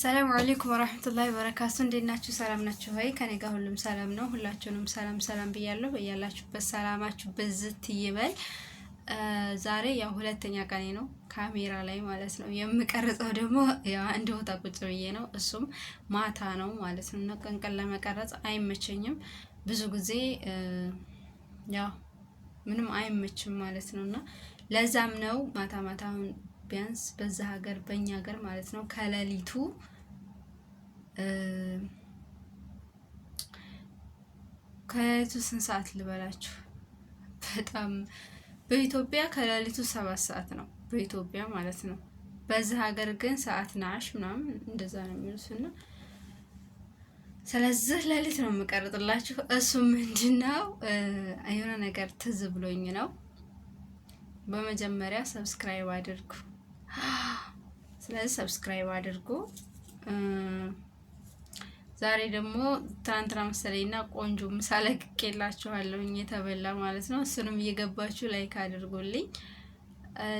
ሰላም አለይኩም ወራህመቱላሂ ወበረካቱ። እንዴት ናችሁ? ሰላም ናችሁ ወይ? ከኔ ጋር ሁሉም ሰላም ነው። ሁላችሁንም ሰላም ሰላም ብያለሁ። በያላችሁበት ሰላማችሁ ብዝት ይበል። ዛሬ ያው ሁለተኛ ቀኔ ነው ካሜራ ላይ ማለት ነው። የምቀርጸው ደግሞ አንድ ቦታ ቁጭ ብዬ ነው። እሱም ማታ ነው ማለት ነው እና ቀን ቀን ለመቀረጽ አይመቸኝም ብዙ ጊዜ ያው ምንም አይመችም ማለት ነው እና ለዛም ነው ማታ ማታ ቢያንስ በዛ ሀገር በእኛ ሀገር ማለት ነው ከሌሊቱ ከሌሊቱ ስንት ሰዓት ልበላችሁ? በጣም በኢትዮጵያ ከሌሊቱ ሰባት ሰዓት ነው፣ በኢትዮጵያ ማለት ነው። በዚህ ሀገር ግን ሰዓት ናሽ ምናምን እንደዛ ነው የሚሉት እና ስለዚህ ሌሊት ነው የምቀርጥላችሁ። እሱ ምንድነው የሆነ ነገር ትዝ ብሎኝ ነው። በመጀመሪያ ሰብስክራይብ አድርጉ። ስለዚህ ሰብስክራይብ አድርጉ። ዛሬ ደግሞ ትናንትና መሰለኝና ቆንጆ ምሳ ለቅቄላችኋለሁኝ የተበላ ማለት ነው። እሱንም እየገባችሁ ላይክ አድርጎልኝ።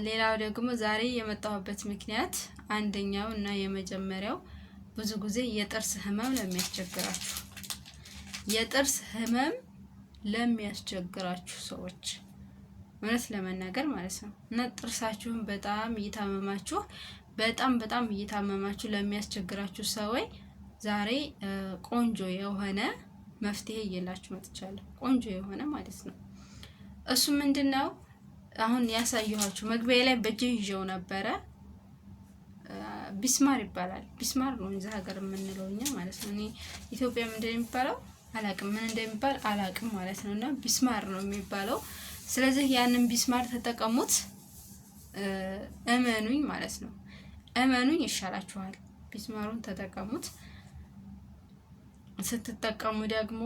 ሌላው ደግሞ ዛሬ የመጣሁበት ምክንያት አንደኛው እና የመጀመሪያው ብዙ ጊዜ የጥርስ ህመም ለሚያስቸግራችሁ የጥርስ ህመም ለሚያስቸግራችሁ ሰዎች እውነት ለመናገር ማለት ነው እና ጥርሳችሁን በጣም እየታመማችሁ በጣም በጣም እየታመማችሁ ለሚያስቸግራችሁ ሰዎች ዛሬ ቆንጆ የሆነ መፍትሄ እየላችሁ መጥቻለሁ። ቆንጆ የሆነ ማለት ነው። እሱ ምንድን ነው? አሁን ያሳየኋችሁ መግቢያ ላይ በእጅ ይዤው ነበረ። ቢስማር ይባላል። ቢስማር ነው እዚህ ሀገር የምንለው እኛ ማለት ነው። እኔ ኢትዮጵያ ምንድን ነው የሚባለው አላቅም፣ ምን እንደሚባል አላቅም ማለት ነው። እና ቢስማር ነው የሚባለው። ስለዚህ ያንን ቢስማር ተጠቀሙት፣ እመኑኝ ማለት ነው። እመኑኝ ይሻላችኋል። ቢስማሩን ተጠቀሙት። ስትጠቀሙ ደግሞ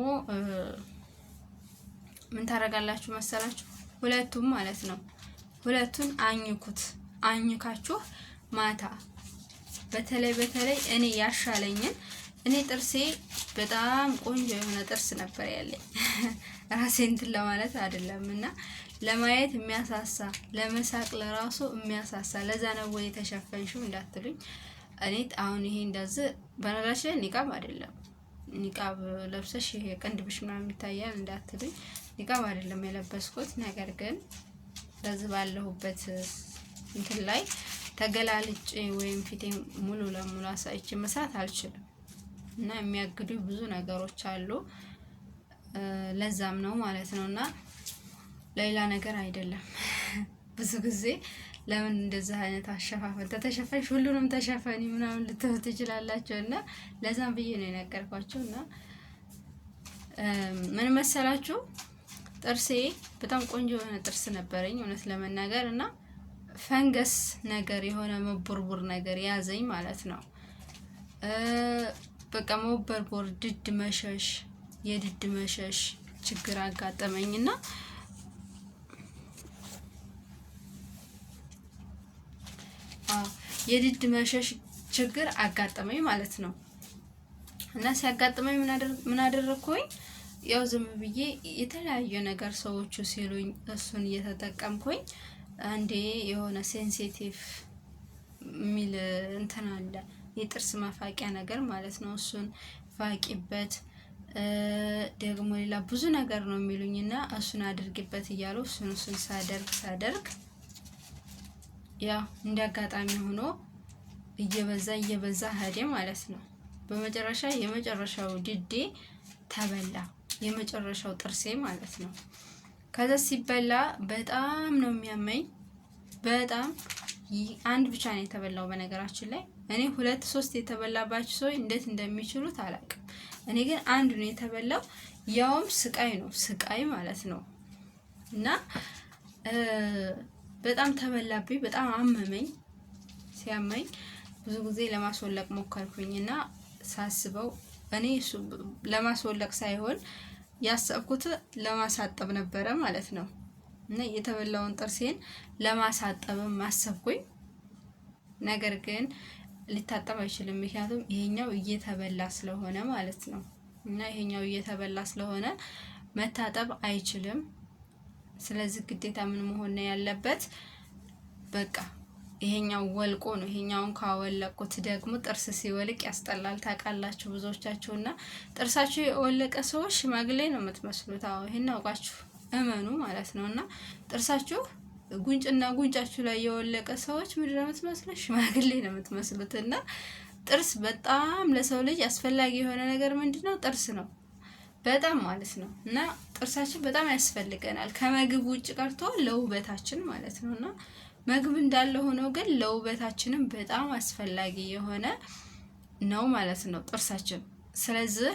ምን ታደርጋላችሁ መሰላችሁ? ሁለቱም ማለት ነው። ሁለቱን አኝኩት። አኝካችሁ ማታ በተለይ በተለይ እኔ ያሻለኝን እኔ ጥርሴ በጣም ቆንጆ የሆነ ጥርስ ነበር ያለኝ። ራሴ እንትን ለማለት አይደለም እና ለማየት የሚያሳሳ ለመሳቅ ለራሱ የሚያሳሳ ለዛ ነው ወይ የተሸፈንሽው እንዳትሉኝ። እኔ አሁን ይሄ እንደዚህ በነገራችን ላይ ኒቃም አይደለም ኒቃብ ለብሰሽ ይሄ ቅንድብሽ ምናምን ይታያል እንዳትሉኝ። ኒቃብ አይደለም የለበስኩት፣ ነገር ግን በዚህ ባለሁበት እንትን ላይ ተገላልጭ ወይም ፊቴ ሙሉ ለሙሉ አሳይቼ መስራት አልችልም እና የሚያግዱ ብዙ ነገሮች አሉ። ለዛም ነው ማለት ነው እና ሌላ ነገር አይደለም። ብዙ ጊዜ ለምን እንደዚህ አይነት አሸፋፈን ተተሸፈሽ ሁሉንም ተሸፈኒ ምናምን ልትሉ ትችላላቸው እና ለዛም ብዬ ነው የነገርኳቸው። እና ምን መሰላችሁ ጥርሴ በጣም ቆንጆ የሆነ ጥርስ ነበረኝ እውነት ለመናገር እና ፈንገስ ነገር የሆነ መቦርቦር ነገር ያዘኝ ማለት ነው። በቃ መቦርቦር፣ ድድ መሸሽ፣ የድድ መሸሽ ችግር አጋጠመኝ እና የድድ መሸሽ ችግር አጋጠመኝ ማለት ነው። እና ሲያጋጥመኝ ምን አደረግኩኝ? ያው ዝም ብዬ የተለያዩ ነገር ሰዎቹ ሲሉኝ እሱን እየተጠቀምኩኝ አንዴ የሆነ ሴንሲቲቭ የሚል እንትን አለ የጥርስ ማፋቂያ ነገር ማለት ነው። እሱን ፋቂበት ደግሞ ሌላ ብዙ ነገር ነው የሚሉኝ እና እሱን አድርጊበት እያሉ እሱን እሱን ሳደርግ ሳደርግ ያ እንደ አጋጣሚ ሆኖ እየበዛ እየበዛ ሄደ ማለት ነው። በመጨረሻ የመጨረሻው ድዴ ተበላ፣ የመጨረሻው ጥርሴ ማለት ነው። ከዛ ሲበላ በጣም ነው የሚያመኝ። በጣም አንድ ብቻ ነው የተበላው። በነገራችን ላይ እኔ ሁለት ሶስት የተበላባቸው ሰው እንዴት እንደሚችሉት አላውቅም። እኔ ግን አንድ ነው የተበላው። ያውም ስቃይ ነው ስቃይ ማለት ነው እና በጣም ተበላብኝ፣ በጣም አመመኝ። ሲያመኝ ብዙ ጊዜ ለማስወለቅ ሞከርኩኝ እና ሳስበው እኔ ለማስወለቅ ሳይሆን ያሰብኩት ለማሳጠብ ነበረ ማለት ነው። እና የተበላውን ጥርሴን ለማሳጠብም አሰብኩኝ። ነገር ግን ሊታጠብ አይችልም፣ ምክንያቱም ይሄኛው እየተበላ ስለሆነ ማለት ነው። እና ይሄኛው እየተበላ ስለሆነ መታጠብ አይችልም። ስለዚህ ግዴታ ምን መሆን ነው ያለበት? በቃ ይሄኛው ወልቆ ነው። ይሄኛውን ካወለቁት ደግሞ ጥርስ ሲወልቅ ያስጠላል። ታውቃላችሁ ብዙዎቻችሁ እና ጥርሳችሁ የወለቀ ሰዎች ሽማግሌ ነው የምትመስሉት። አዎ ይሄን አውቃችሁ እመኑ ማለት ነው። እና ጥርሳችሁ ጉንጭና ጉንጫችሁ ላይ የወለቀ ሰዎች ምንድን ነው የምትመስሉት? ሽማግሌ ነው የምትመስሉት። እና ጥርስ በጣም ለሰው ልጅ አስፈላጊ የሆነ ነገር ምንድን ነው? ጥርስ ነው። በጣም ማለት ነው እና ጥርሳችን በጣም ያስፈልገናል። ከምግብ ውጭ ቀርቶ ለውበታችን ማለት ነው እና ምግብ እንዳለ ሆኖ ግን ለውበታችንም በጣም አስፈላጊ የሆነ ነው ማለት ነው ጥርሳችን። ስለዚህ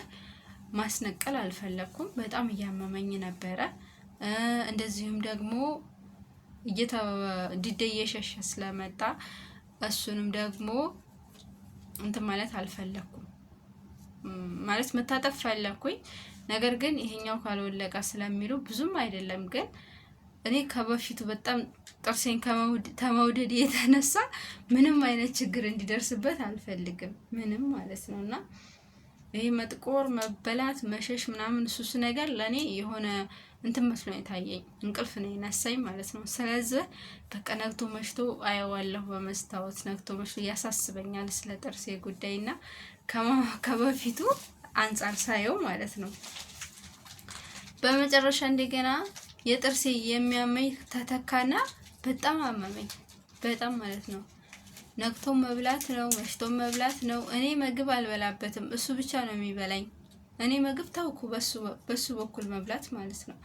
ማስነቀል አልፈለግኩም። በጣም እያመመኝ ነበረ። እንደዚሁም ደግሞ ዲደ እየሸሸ ስለመጣ እሱንም ደግሞ እንትን ማለት አልፈለግኩም ማለት መታጠፍ ፈለግኩኝ። ነገር ግን ይሄኛው ካልወለቀ ስለሚሉ ብዙም አይደለም። ግን እኔ ከበፊቱ በጣም ጥርሴን ከመውደድ የተነሳ ምንም አይነት ችግር እንዲደርስበት አልፈልግም። ምንም ማለት ነው እና ይህ መጥቆር፣ መበላት፣ መሸሽ ምናምን እሱስ ነገር ለእኔ የሆነ እንትን መስሎ የታየኝ እንቅልፍ ነው የነሳኝ ማለት ነው። ስለዚህ በቃ ነግቶ መሽቶ አየዋለሁ በመስታወት ነግቶ መሽቶ ያሳስበኛል ስለ ጥርሴ ጉዳይ እና ከበፊቱ አንጻር ሳየው ማለት ነው። በመጨረሻ እንደገና የጥርሴ የሚያመኝ ተተካና በጣም አመመኝ። በጣም ማለት ነው። ነግቶ መብላት ነው፣ መሽቶ መብላት ነው። እኔ ምግብ አልበላበትም፣ እሱ ብቻ ነው የሚበላኝ። እኔ ምግብ ታውኩ፣ በሱ በኩል መብላት ማለት ነው።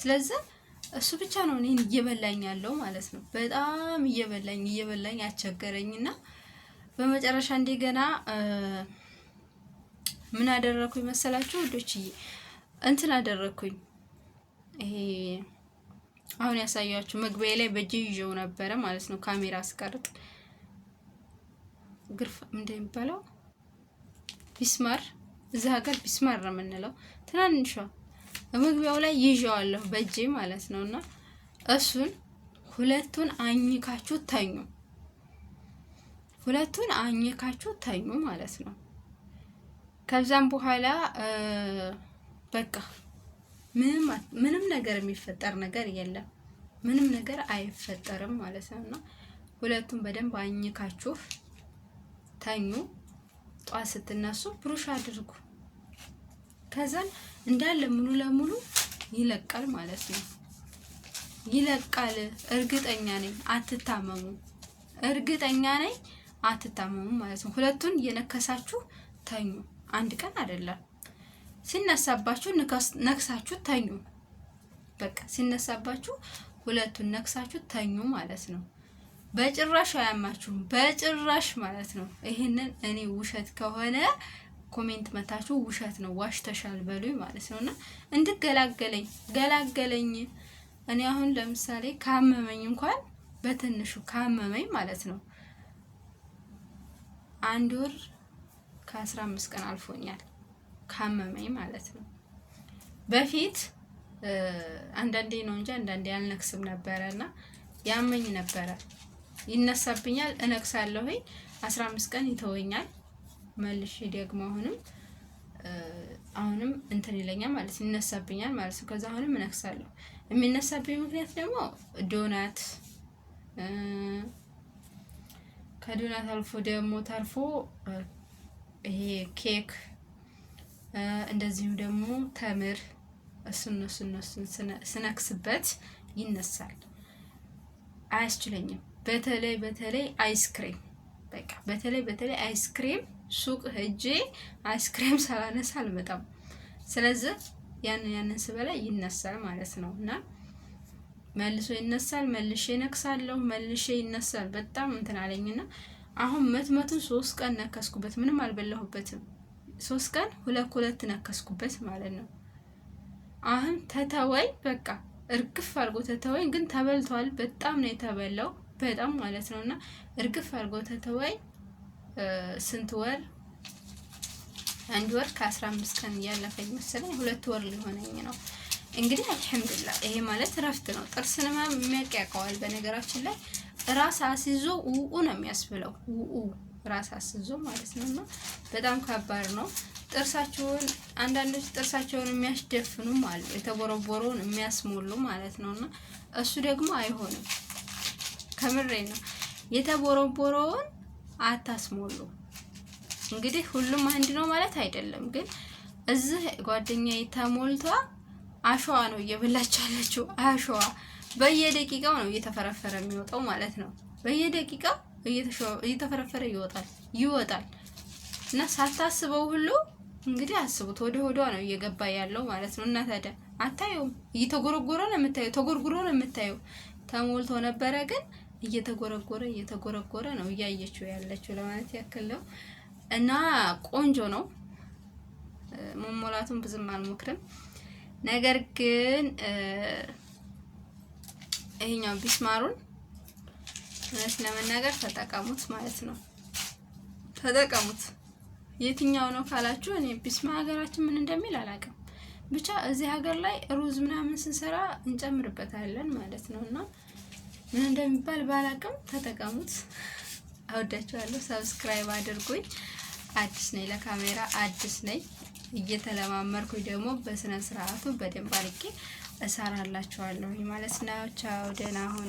ስለዚህ እሱ ብቻ ነው እኔን እየበላኝ ያለው ማለት ነው። በጣም እየበላኝ እየበላኝ አስቸገረኝና በመጨረሻ እንደገና ምን አደረኩኝ መሰላችሁ ውዶችዬ? እንትን አደረኩኝ። ይሄ አሁን ያሳያችሁ መግቢያ ላይ በእጄ ይዤው ነበረ ማለት ነው። ካሜራ አስቀርጥ ግርፍ እንደሚባለው ቢስማር፣ እዚህ ሀገር ቢስማር ነው የምንለው። ትናንሿ መግቢያው ላይ ይዤዋለሁ በእጄ ማለት ነው። እና እሱን ሁለቱን አኝካችሁ ተኙ፣ ሁለቱን አኝካችሁ ተኙ ማለት ነው። ከዛም በኋላ በቃ ምንም ነገር የሚፈጠር ነገር የለም። ምንም ነገር አይፈጠርም ማለት ነው። እና ሁለቱም በደንብ አኝካችሁ ተኙ። ጧት ስትነሱ ብሩሽ አድርጉ። ከዛን እንዳለ ሙሉ ለሙሉ ይለቃል ማለት ነው። ይለቃል። እርግጠኛ ነኝ አትታመሙ። እርግጠኛ ነኝ አትታመሙ ማለት ነው። ሁለቱን እየነከሳችሁ ተኙ። አንድ ቀን አይደለም። ሲነሳባችሁ ነክሳችሁ ተኙ። በቃ ሲነሳባችሁ ሁለቱን ነክሳችሁ ተኙ ማለት ነው። በጭራሽ አያማችሁም፣ በጭራሽ ማለት ነው። ይህንን እኔ ውሸት ከሆነ ኮሜንት መታችሁ ውሸት ነው ዋሽተሻል በሉኝ ማለት ነው። እና እንድገላገለኝ ገላገለኝ። እኔ አሁን ለምሳሌ ካመመኝ እንኳን በትንሹ ካመመኝ ማለት ነው አንድ ወር ከአስራ አምስት ቀን አልፎኛል ካመመኝ ማለት ነው። በፊት አንዳንዴ ነው እንጂ አንዳንዴ አልነክስም ነበረ እና ያመኝ ነበረ። ይነሳብኛል፣ እነክሳለሁ። አስራ አምስት ቀን ይተወኛል። መልሼ ደግሞ አሁንም አሁንም እንትን ይለኛል ማለት ይነሳብኛል ማለት ነው። ከዛ አሁንም እነክሳለሁ። የሚነሳብኝ ምክንያት ደግሞ ዶናት ከዶናት አልፎ ደግሞ ተርፎ ይሄ ኬክ እንደዚሁም ደግሞ ተምር እሱን እሱን ስነክስበት ይነሳል። አያስችለኝም። በተለይ በተለይ አይስክሬም በቃ በተለይ በተለይ አይስክሬም ሱቅ ሄጄ አይስክሬም ሳላነሳ አልመጣም። ስለዚህ ያንን ያንን ስበላ ይነሳል ማለት ነው እና መልሶ ይነሳል፣ መልሼ ነክሳለሁ፣ መልሼ ይነሳል። በጣም እንትን አለኝና አሁን መትመቱን ሶስት ቀን ነከስኩበት። ምንም አልበላሁበትም። ሶስት ቀን ሁለት ሁለት ነከስኩበት ማለት ነው። አሁን ተተወኝ፣ በቃ እርግፍ አድርጎ ተተወኝ። ግን ተበልቷል። በጣም ነው የተበላው፣ በጣም ማለት ነው። እና እርግፍ አድርጎ ተተወኝ። ስንት ወር አንድ ወር ከአስራ አምስት ቀን እያለፈኝ መሰለኝ፣ ሁለት ወር ሊሆነኝ ነው እንግዲህ። አልሐምዱሊላህ ይሄ ማለት እረፍት ነው። ጥርስንማ የሚያውቅ ያውቀዋል በነገራችን ላይ ራስ አስይዞ ውኡ ነው የሚያስብለው። ውኡ ራስ አስይዞ ማለት ነው። እና በጣም ከባድ ነው። ጥርሳቸውን አንዳንዶች ጥርሳቸውን የሚያስደፍኑም አሉ፣ የተቦረቦረውን የሚያስሞሉ ማለት ነው። እና እሱ ደግሞ አይሆንም። ከምሬ ነው። የተቦረቦረውን አታስሞሉ። እንግዲህ ሁሉም አንድ ነው ማለት አይደለም። ግን እዚህ ጓደኛ ተሞልቷ አሸዋ ነው እየበላች ያለችው አሸዋ በየደቂቃው ነው እየተፈረፈረ የሚወጣው ማለት ነው። በየደቂቃው እየተፈረፈረ ይወጣል ይወጣል እና ሳታስበው ሁሉ እንግዲህ አስቡት፣ ወደ ሆዷ ነው እየገባ ያለው ማለት ነው። እና ታዲያ አታየውም፣ እየተጎረጎረ ነው የምታየው፣ ተጎርጉሮ ነው የምታየው። ተሞልቶ ነበረ ግን እየተጎረጎረ እየተጎረጎረ ነው እያየችው ያለችው ለማለት ያክል ነው። እና ቆንጆ ነው። መሞላቱን ብዙም አልሞክርም፣ ነገር ግን ይሄኛው ቢስማሩን እውነት ለመናገር ተጠቀሙት ማለት ነው። ተጠቀሙት። የትኛው ነው ካላችሁ እኔ ቢስማ ሀገራችን ምን እንደሚል አላውቅም። ብቻ እዚህ ሀገር ላይ ሩዝ ምናምን ስንሰራ እንጨምርበታለን ማለት ነው እና ምን እንደሚባል ባላውቅም ተጠቀሙት። አወዳችኋለሁ። ሰብስክራይብ አድርጉኝ። አዲስ ነኝ፣ ለካሜራ አዲስ ነኝ። እየተለማመርኩኝ ደግሞ በስነ ስርዓቱ በደንብ አድርጌ እሰራላችኋለሁ ማለት ነው። ቻው፣ ደህና ሁኑ።